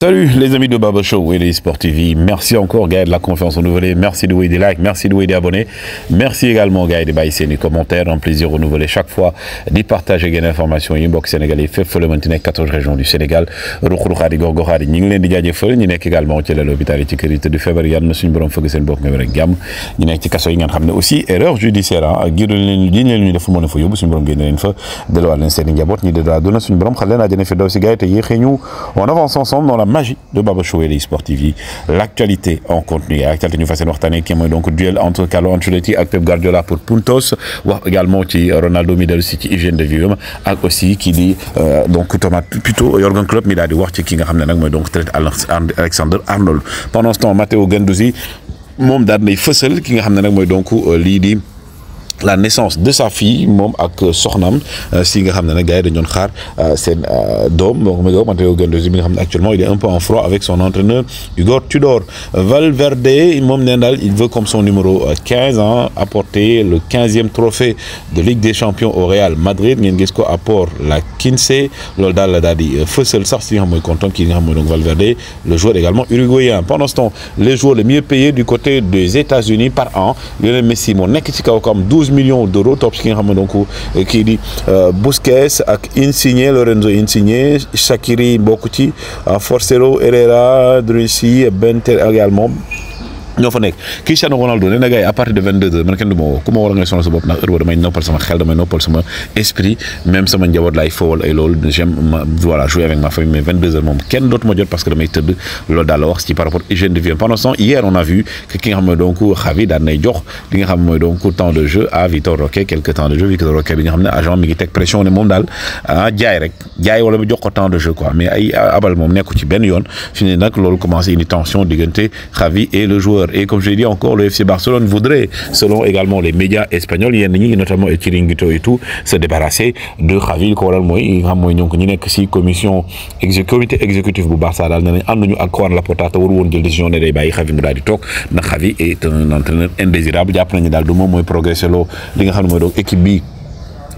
Salut les amis de Baba Show et les Sport TV. Merci encore Gaël de la confiance renouvelée. Merci de vous des likes, merci de vous des abonnés. Merci également Gaël de baisser les commentaires. Un plaisir renouvelé chaque fois de partager des informations. Inbox sénégalais, fait folle maintenant 14 régions du Sénégal. Roukhoukha de Gorgora de Ninglen de Gadjefol. Nous également au Tchèle l'hôpital et sécurité du février. Nous sommes en Foguesen Bok Meberegam. Nous sommes en Kasso Ingan aussi. Erreur judiciaire. Guidon Guinel de Fumon Foyou. Nous sommes en Guinel Feu. De l'Oalen Sénégal. Nous sommes Monsieur Kasso Ingan. Nous sommes en Kasso Ingan. Nous sommes en Kasso Ingan. On avance ensemble dans la magie de Baba Show et les Sportivi l'actualité en contenu actualité ñu fas yéene qui kii donc duel entre Carlo Ancelotti et Pep Guardiola pour Puntos ou également ci Ronaldo mi City, si de vie aussi qui dit euh, donc Thomas plutôt Jürgen Klopp mi daal di wax qui ki nga donc traite Alexander Arnold pendant ce temps Matteo Guendouzi membre daal fossel qui a nga donc euh, lii la naissance de sa fille Mom ak soxnam euh, si nga xamné ne gars dañu euh, euh, nga actuellement il est un peu en froid avec son entraîneur Igor Tudor Valverde Mom nendal il veut comme son numéro 15 apporter le 15e trophée de Ligue des Champions au Real Madrid ngeen gis apport la Kinsey Lolda Ladadi, la daal di sax si nga Valverde le joueur également uruguayen pendant ce temps les joueurs les mieux payés du côté des États-Unis par an Lionel Messi mon ci kaw comme 12 12 millions d'euros topp ci ki nga xam ne donc euh, kii di euh, Busquets ak Insigne Lorenzo Insigne Shaqiri bokk ci euh, Forcero Herrera Driussi Bentancur également ñoo fa nekk Cristiano Ronaldo nee na gars à partir de 22h man kenn du ma woo ku ma war a ngay sonal sa bopp ndax heure boobu damay noppal sama xel damay noppal sama esprit même sama njaboot laay foowal ay loolu j'aime ma voilà jouer avec ma famille mais 22h moom kenn dootuma jot parce que damay tëdd loolu daal la wax ci par rapport hygiène de vie pendant ce hier on a vu que ki nga xam mooy donc Xavi daan nay jox li nga xam mooy donc temps de jeu à Vitor Roque quelques temps de jeu Vitor Roque bi nga xam ne agent mi ngi teg pression ne moom daal ah jaay rek jaay wala mu jox ko temps de jeu quoi mais ay abal moom nekku ci benn yoon fi ne nag loolu commencé une tension diggante Xavi et le joueur joueurs. Et comme je l'ai dit encore, le FC Barcelone voudrait, selon également les médias espagnols, il y notamment et Chiringuito et tout, se débarrasser de Javier Koral Moy. Il y si commission comité exécutif bu Barça daal ne nañ ànd nañu ak Juan Laporta te waru woon décision ne day bàyyi Xavi mu di toog ndax Xavi est un entraîneur indésirable jàpp nañu daal du moom mooy progressé loo li nga xam ne équipe bi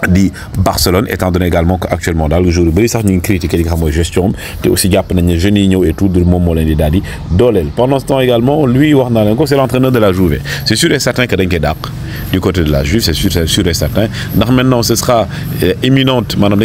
dit Barcelone étant donné également qu'actuellement, dans le jour de bëri il y une li la gestion et aussi des nañ jeunes et tout de moo leen di daal pendant ce temps également lui wax l'entraîneur c'est l'entraîneur de la Juve C'est sûr et certain que du côté de la Juve, c'est sûr, sûr, et certain. Donc maintenant, ce sera euh, imminente, madame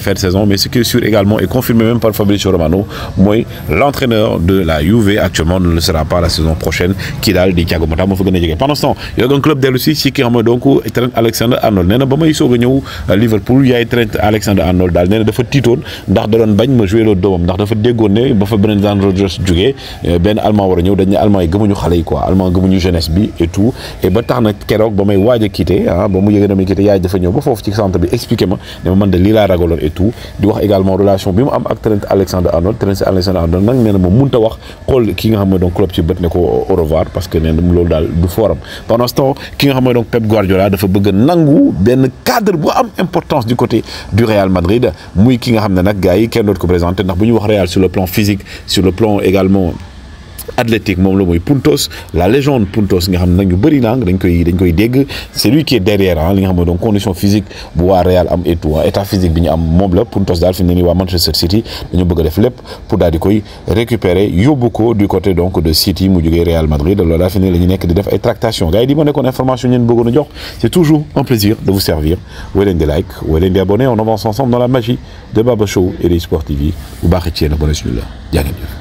faire saison, mais ce qui est sûr également et confirmé même par Fabrizio Romano, moi, l'entraîneur de la Juve actuellement ne sera pas la saison prochaine, qui daal di Thiago Motta moo fa gën a pendant ce temps il y a un club si ki qui en ne donc Trent Alexander Arnold nee na ba may soog a y a euh, yaay Trent Arnold daal nee na dafa tiitoon ndax da doon bañ ma joué le doomam ndax dafa déggoon ne ba fa Brendan Rodgers jógee euh, Ben allemand war a ñëw dañ ne allemand gëmuñu xale quoi allemand gëmuñu jeunesse bi et tout et ba tax kérok ba may waaj a quitté ah ba mu yëgee na may quitté yaay dafa ñëw ba foofu ci centre bi expliquer ma ne man de lii laa et tout di wax également relation bi mu am ak Trent Alexander Arnold Trent Alexander Arnold nak nee mo ma munta wax xool ki nga xam donc club ci bët né ko au revoir parce que nee na loolu du forum pendant ce temps ki nga xam donc Pep Guardiola dafa bëgg nangu ben cadre bu am importance du côté du Real Madrid muy ki nga xamné nak gaay yi kenn dootu ko présenter ndax bu ñu wax Real sur le plan physique sur le plan également athlétique moom la Puntos la légende Puntos nga xam ne nag ñu bëri nang dañ koy dañ koy dégg c'est lui qui est derrière hein li nga xam donc condition physique bu wa Real am et tout hein. état physique bi ñu am moom la Puntos dal fi ni wa Manchester City dañu bëgg def lépp pour dal di koy récupérer yobuko ko du côté donc de City mu jógee Real Madrid loolu daal fi ni ne la ñu nekk di def ay tractations gars yi di ma information ñen bëggoon jox c'est toujours un plaisir de vous servir wooy leen like wooy leen abonné on avance ensemble dans la magie de Baba Show et les Sport TV bu baax ci yéen abonné suñu la jaa jëf